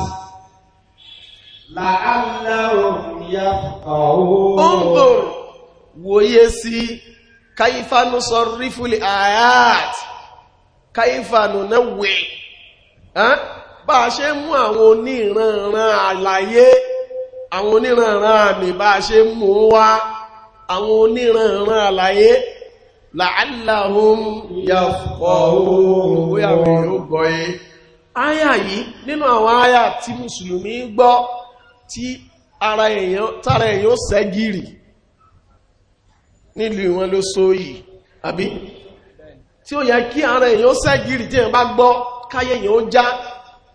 Ongbor wòye sí káyífánú sọ rífúlì àyàt, káyífánú náà wè. Bá a ṣe mú àwọn oníranran àlàyé, àwọn oníranran àmì bá a ṣe mú wá, àwọn oníranran àlàyé, la'allahum yafqahun bóyá mi yóò gbọ́, tí ara èèyàn ó sẹ́gìrì nílùú wọn ló só yìí àbí tí ó yẹ kí ara èèyàn ó sẹ́gìrì tí èèyàn bá gbọ́ káyé èèyàn ó já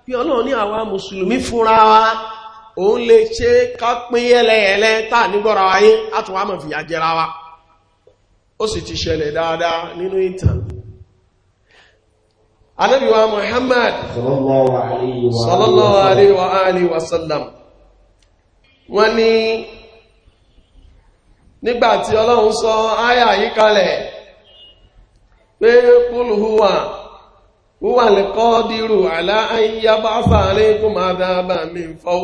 bí ọlọ́run ní àwa mùsùlùmí fúnra wa òun lè ṣe ká pín yẹ́lẹ̀yẹ̀lẹ́ nígbọ́ra wáyé àtùwà mọ̀ fìyà wa ó sì ti ṣẹlẹ̀ dáadáa nínú ìtàn anábíwa Muhammad
sallallahu alaihi wa
alihi wa sallam wọ́n ní nígbàtí ọlọ́run sọ áyà yìí pé kúlù húwà húwà lè kọ́ dírù àlá ayíyá bá sàárín kún máa mi fọ́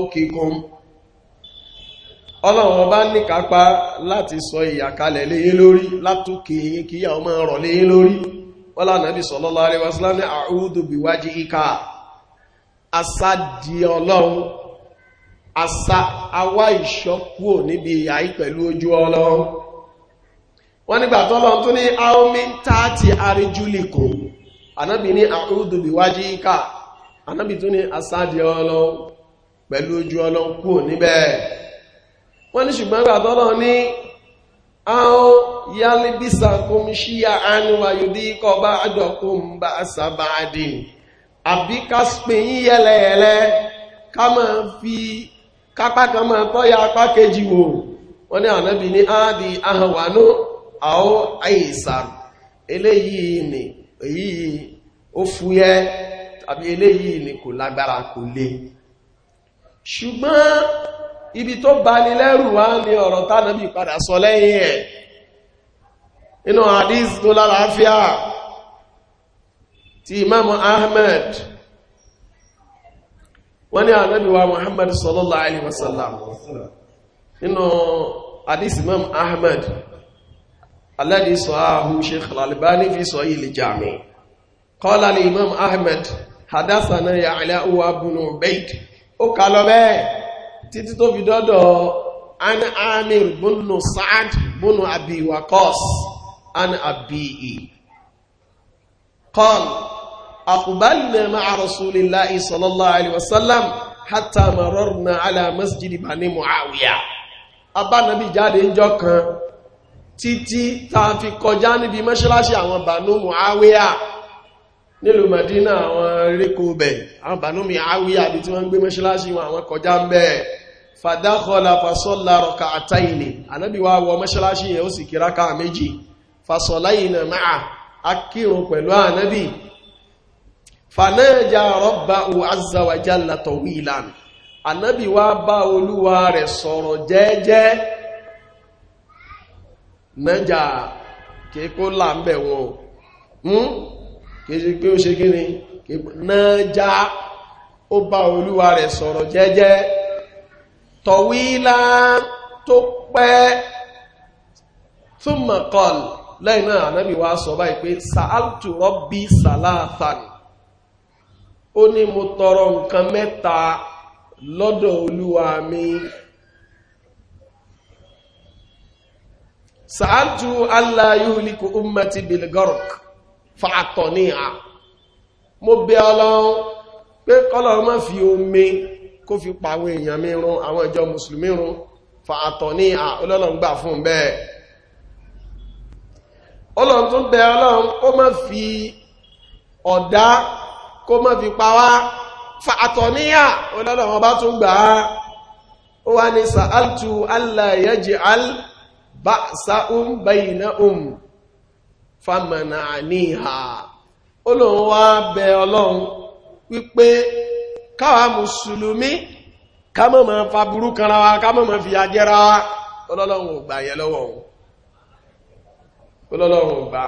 ọlọ́run bá ní kápá láti sọ ìyàkalẹ̀ léyé e lórí látòkè kíyà ọmọ e lórí wọ́n lánàbí sallallahu alaihi wasallam àṣà awá ìṣọ́ kúò níbi ìyà pẹ̀lú ojú ọlọ́run wọ́n nígbà tọ́lọ́run tó ní aomi tààtì àríjúlìkò anábì ní àkúrúdùbíwájí ìkà anábì tó ní àṣàdì ọlọ́run pẹ̀lú ojú ọlọ́run kúò níbẹ̀ wọ́n ní ṣùgbọ́n nígbà tọ́lọ́run ní ao yálíbísà kún ánúwà yòdí ikọ̀ bá àjọkún bá àṣàbáàdì àbí fi kápá kan máa ya apá kejì wò wọ́n ní ànábì ní áàdì ahànwánú àwọ́ àìsàn eléyìí ni èyí ó fúyẹ́ tàbí eléyìí ni kò lágbára kò le ṣùgbọ́n ibi tó bani lẹ́rù wá ní ọ̀rọ̀ tánàbì padà sọ lẹ́yìn ẹ̀ ti imam ahmed wọ́n ní ànábì wa muhammad sallallahu alaihi wasallam nínú hadith imam ahmad alladhi sọ́háhù sheikh al-albani fi sọ yìí lè jami qala li imam ahmad hadathana ya'la wa ibn ubayd ó kà lọ bẹ́ẹ̀ títí tó fi dọ́dọ̀ an amir bunu sa'ad bunu abi waqas an abi'i qala أقبلنا مع رسول الله صلى الله عليه وسلم حتى مررنا على مسجد بني معاوية أبا نبي جاد إنجو كان títí ta fi kọjá níbi mọ́ṣáláṣí àwọn bànú muawiya nílùú madina àwọn ríkò bẹ̀ àwọn bànú muawiya bí tí wọ́n gbé mọ́ṣáláṣí wọn àwọn kọjá ń bẹ̀ fàdákọ́lá fasọ́lá rọ̀ka àtàìlì anábí pẹ̀lú anábí fanaja rabbahu azza wa jalla tawilan ànábì wá bá olúwa rẹ̀ sọ̀rọ̀ jẹ́ẹ́jẹ́ nájà kìí kó là ń bẹ̀ wọn o hmm? kìí ṣe pé ó ṣe kí ni nájà ó bá olúwa rẹ̀ sọ̀rọ̀ jẹ́ẹ́jẹ́ tọ̀wílá tó pẹ́ thumma lẹ́yìn náà ànábì wá sọ báyìí pé sa'altu rabbi salatan ó ní mo tọrọ nǹkan mẹ́ta lọ́dọ̀ olúwa mi sàájú aláyúhùlíkù ummeti bilgork fàtọ̀ ní à mo bẹ̀ ọlọ́run pé kọ́lọ̀ má fi omi kó fi pàwọn èèyàn mi run àwọn ìjọ mùsùlùmí run fàtọ̀ ní à ọlọ́run gbà fún bẹ́ẹ̀ ọlọ́run tún bẹ̀ ọlọ́run kó má fi ọ̀dá kó má fi pa wá fa àtọ̀níyà olọ́lọ́wọ́n bá tún gbà á ó wá ní sa'altu allah yaj'al ba'sa'un bainahum famana'aniha olóhun wá bẹ ọlọ́run wípé káwa mùsùlùmí ká mọ́ mọ́ fa burú kan ra wa ká mọ́ mọ́ fi àjẹ́ra wa olọ́lọ́run gbà yẹn lọ́wọ́ òun gbà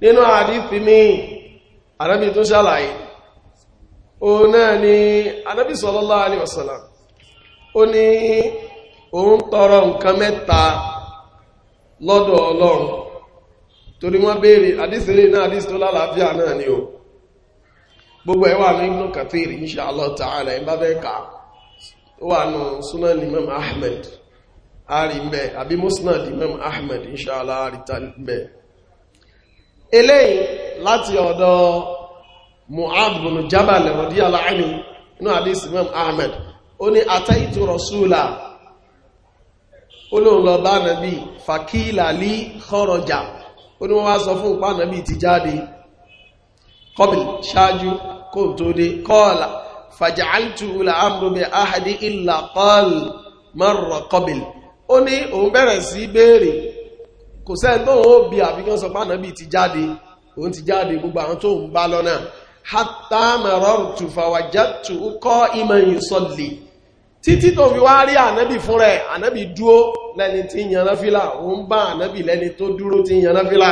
nínú àdífì anábì tó ṣàlàyé o náà ni anábì sallallahu alaihi o ní òun tọrọ nǹkan mẹ́ta lọ́dọ̀ ọlọ́run torí wọ́n béèrè àdísìlẹ̀ náà àdísì tó lálàáfíà náà ni o gbogbo ẹwà ní Ibn Kathir insha Allah ta'ala ìbábẹ́ka wà nù Sunan mmemme Ahmed àrí mbe àbí Musnad Ahmed eléyìí láti ọ̀dọ̀ Mu'adh bin Jabal radiyallahu anhu inú hadith Imam Ahmed ó ní ataitu rasula olóhùn lọ bá nàbí fàkílà lí kharaja ó ní wọ́n wá sọ fún ìpá nàbí ti jáde kọ́bìl ṣáájú kó tó dé kọ́ọ̀lá fàjáàlìtù làámùrù bí áhàdí ìlà kọ́ọ̀lù mọ́rọ̀ kò sẹ́ni tó ń bí àbíkán sọ pé ànábì ti jáde òun ti jáde gbogbo àwọn tó ń bá lọ́nà hatta marartu fawajadtu qa'iman yusalli títí tó fi wá rí ànábì fún rẹ̀ ànábì dúó lẹ́ni tí ń yan náfílà òun bá ànábì lẹ́ni tó dúró tí ń yan náfílà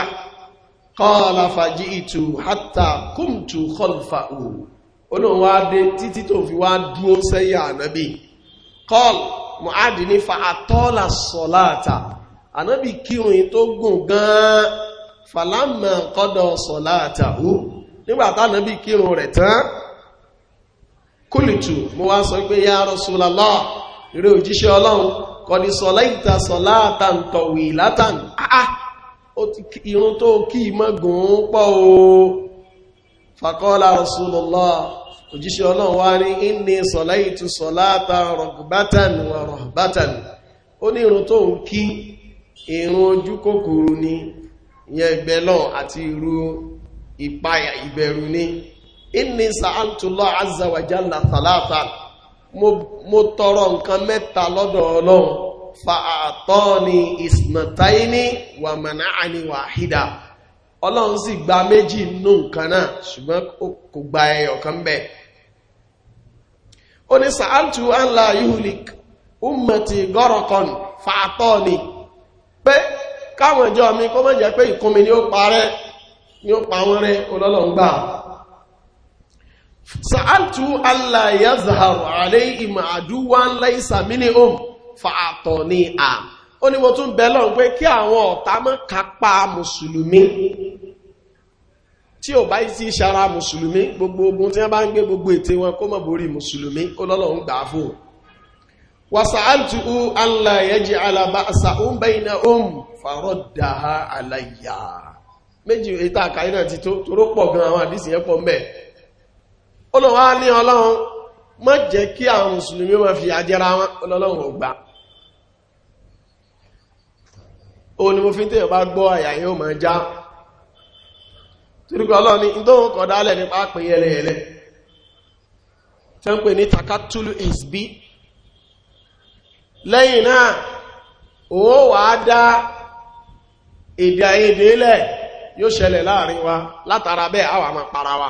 qala faji'tu hatta kumtu khalfahu olóhun wá dé fàlámà kọ́dọ̀ sọ̀lá àtàwó nígbàtà nàbí kírun rẹ̀ tán kúlìtù mo wá sọ pé yá Rasulullah eré òjíṣẹ́ ọlọ́run kọ̀dí sọ̀lá ìta sọ̀lá àtàntọ̀wì látàn áá irun tó kí mọ́gùn pọ̀ o fàkọ́lá Rasulullah òjíṣẹ́ ọlọ́run wá ó ní irun tó kí irun ojú kòkòrò ni ìyẹn ìbẹ̀lọ́n àti irú ìpayà ìbẹ̀rù ní inni sa'altullah azza wa jalla thalatha mo tọrọ nǹkan mẹ́ta lọ́dọ̀ ọlọ́run fa'atani isnataini wa mana'ani wahida ọlọ́run sì gba méjì nù nǹkan náà ṣùgbọ́n kò gba ẹyọ kan bẹ̀ ó ní sa'altu an la yuhlik ummati gharqan fa'atani pé káwọn ìjọ mi kó mọ́ jẹ́ pé ìkúnmi ni ó parẹ́ ni ó pa wọ́n rẹ́ olọ́lọ́ngbà sa'altu allah yazharu alayhim aduwan laysa minhum fa'atani a ó ní mo tún bẹ̀ lọ́n pé kí àwọn ọ̀tá má kápá mùsùlùmí tí ò bá sí ṣara mùsùlùmí gbogbo ogun tí wọ́n bá ń gbé gbogbo ète wọn kó má borí mùsùlùmí olọ́lọ́ fún وسألته ألا يجعل بأسهم بينهم فردها علي méjì ìta àkàrí náà ti tó pọ̀ gan àwọn àdísì yẹn pọ̀ mẹ́ olùwà ní ọlọ́run má jẹ́ kí àwọn mùsùlùmí wọ́n fi àjẹ́ra wọn ọlọ́run ọgbà o ni mo fi tẹ́yọ̀ bá gbọ́ àyà yóò máa já torípọ̀ ọlọ́run ní tó ń kọ̀ dálẹ̀ nípa pẹ̀yẹlẹ̀yẹlẹ̀ tẹ́ ń pè ní takatulu isbi lẹ́yìn náà ó wà á dá èdè àìyedè lẹ̀ yóò ṣẹlẹ̀ láàrin wa látara bẹ́ẹ̀ àwa máa para wa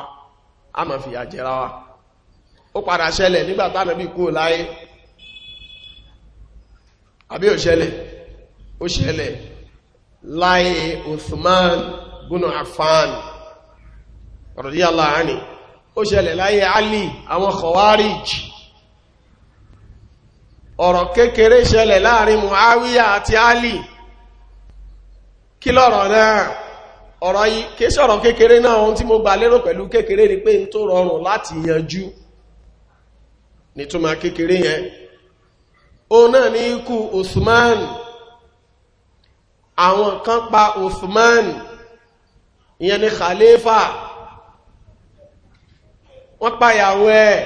a máa fìyà jẹra wa ó padà ṣẹlẹ̀ nígbà tí Ànábì kú láyé àbí ó ṣẹlẹ̀ ó ṣẹlẹ̀ láyé Uthman bunu Affan radiyallahu anhu ó ṣẹlẹ̀ láyé Ali àwọn Khawarij ọ̀rọ̀ kékeré ṣẹlẹ̀ láàrin muawiya àti ali kí lọ́rọ̀ náà ọ̀rọ̀ yìí kí sọ̀rọ̀ kékeré náà ohun tí mo gbà lérò pẹ̀lú kékeré ni pé n tó rọrùn láti yanjú nítúmà kékeré yẹn o náà ní ikú usman àwọn kan pa usman ìyẹn ni khalifa wọ́n pàyàwó ẹ̀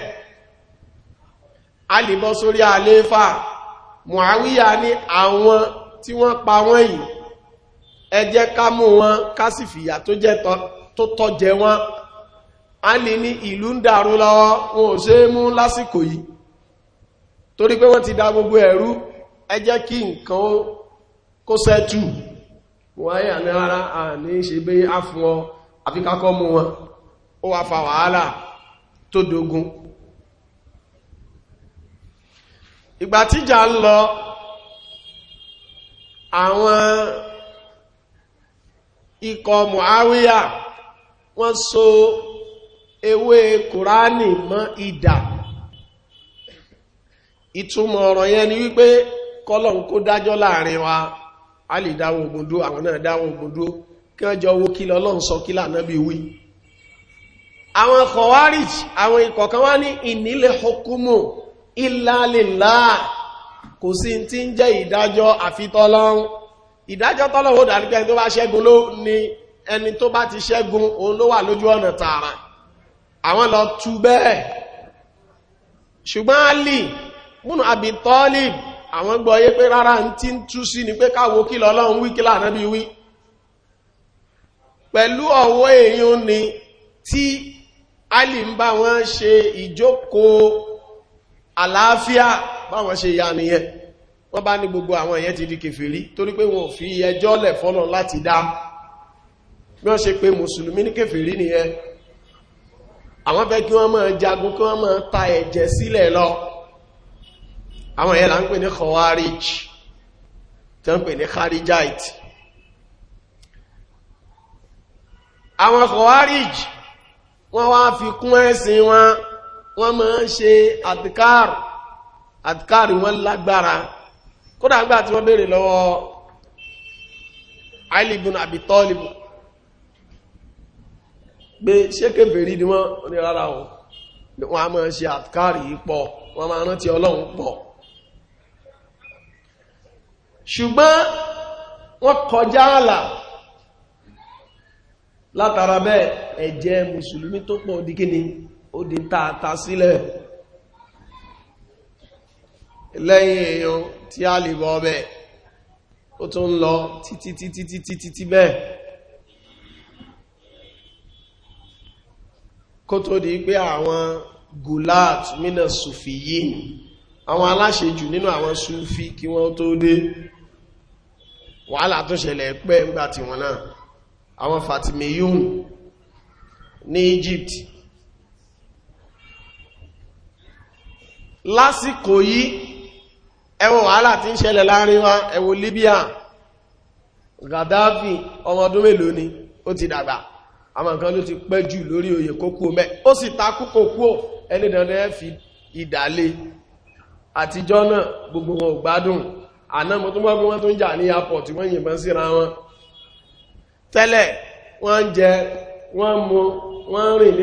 a lè bọ́ sórí àléfà Muawiya ní àwọn tí wọ́n pa wọ́n yìí ẹ ká mú wọn ká tó jẹ́ tó tọ́jẹ wọn a lè ní ìlú ń dàrú lọ́wọ́ wọn ò ṣe é mú lásìkò yìí torí pé wọ́n ti da gbogbo ẹ̀rú ẹ jẹ́ kí nǹkan kó sẹ́tù wọ́n yà ní ara à ní ṣe bí á fún ọ àfikakọ́ mú wọn ó wà fa wàhálà tó ìgbà tíjà ń lọ àwọn ikọ̀ Muawiya wọ́n so ewé kùránì mọ́ idà ìtumọ̀ ọ̀rọ̀ yẹn ni wípé kọ́lọ̀n kó dájọ́ láàrin wa a lè dáwọ́ ogun dúó àwọn náà dáwọ́ ogun dúó kí wọ́n jọ owó kílọ lọ́n sọ kílà náà bí wí àwọn kọ̀wárìj àwọn ikọ̀ kan wá ní ìnílẹ̀ hukumu ìlàlèlà kò sí tí ń jẹ́ ìdájọ́ àfitọ́lọ́run ìdájọ́ tọ́lọ́run ó dàrí pé ẹni tó bá ṣẹ́gun ló ní ẹni tó bá ti ṣẹ́gun òun ló wà lójú ọ̀nà tààrà àwọn lọ tú bẹ́ẹ̀ ṣùgbọ́n alì múnú àbí tọ́lìb àwọn gbọ́ yé pé rárá ń tí ń tú sí ni pé káwo kí lọ́lọ́run wí kí lànà bí wí pẹ̀lú ọ̀wọ́ èèyàn ni tí alì ń bá wọn ṣe ìjókòó àlàáfíà báwọn ṣe ya nìyẹn wọ́n bá ní gbogbo àwọn èèyàn ti di kèfèrí torí pé wọn ò fi ẹjọ́ lẹ̀ fọ́lọ̀ láti dá bí wọ́n ṣe pé mùsùlùmí ní kèfèrí nìyẹn àwọn fẹ́ kí wọ́n máa jagun kí wọ́n máa ta ẹ̀jẹ̀ sílẹ̀ lọ àwọn èèyàn là ń pè ní khawarij tí wọ́n pè ní kharijite àwọn khawarij wọ́n wá fi kún ẹ̀sìn wọn wọ́n máa ń ṣe adkar adkar wọ́n lágbára kódà nígbà tí wọ́n béèrè lọ́wọ́ Ali ibn Abi Talib pé ṣé kèfèrí ni wọ́n ní rárá o wọ́n a máa ṣe adkar pọ̀ wọ́n máa rántí Ọlọ́run pọ̀ ṣùgbọ́n wọ́n kọjá àlà látara bẹ́ẹ̀ ẹ̀jẹ̀ mùsùlùmí tó pọ̀ di ó di tààtà sílẹ̀ lẹ́yìn èèyàn tí a lè bọ́ ọbẹ̀ ó tún lọ títí títí títí títí bẹ́ẹ̀ kó tó di pé àwọn gulat mina sufi yìí àwọn aláṣejù nínú àwọn sufi kí wọ́n tó dé wàhálà tó ṣẹlẹ̀ pẹ́ ńgbà tí wọ́n náà àwọn fatimiyun ní Egypt lásìkò yìí ẹwọ wàhálà tí ń ṣẹlẹ̀ láàrin wa ẹwọ Libya Gaddafi ọmọ ọdún mélòó ni ó ti dàgbà àwọn nǹkan ló ti pẹ́ jù lórí oyè kókó mẹ́ ó sì takú kókó ẹni dandan ẹ fi ìdálé àtijọ́ náà gbogbo wọn ò gbádùn àná mo tó mọ́ bí tó ń jà ní airport wọ́n yìnbọn síra wọn tẹ́lẹ̀ wọ́n jẹ wọ́n mu
wọ́n rìn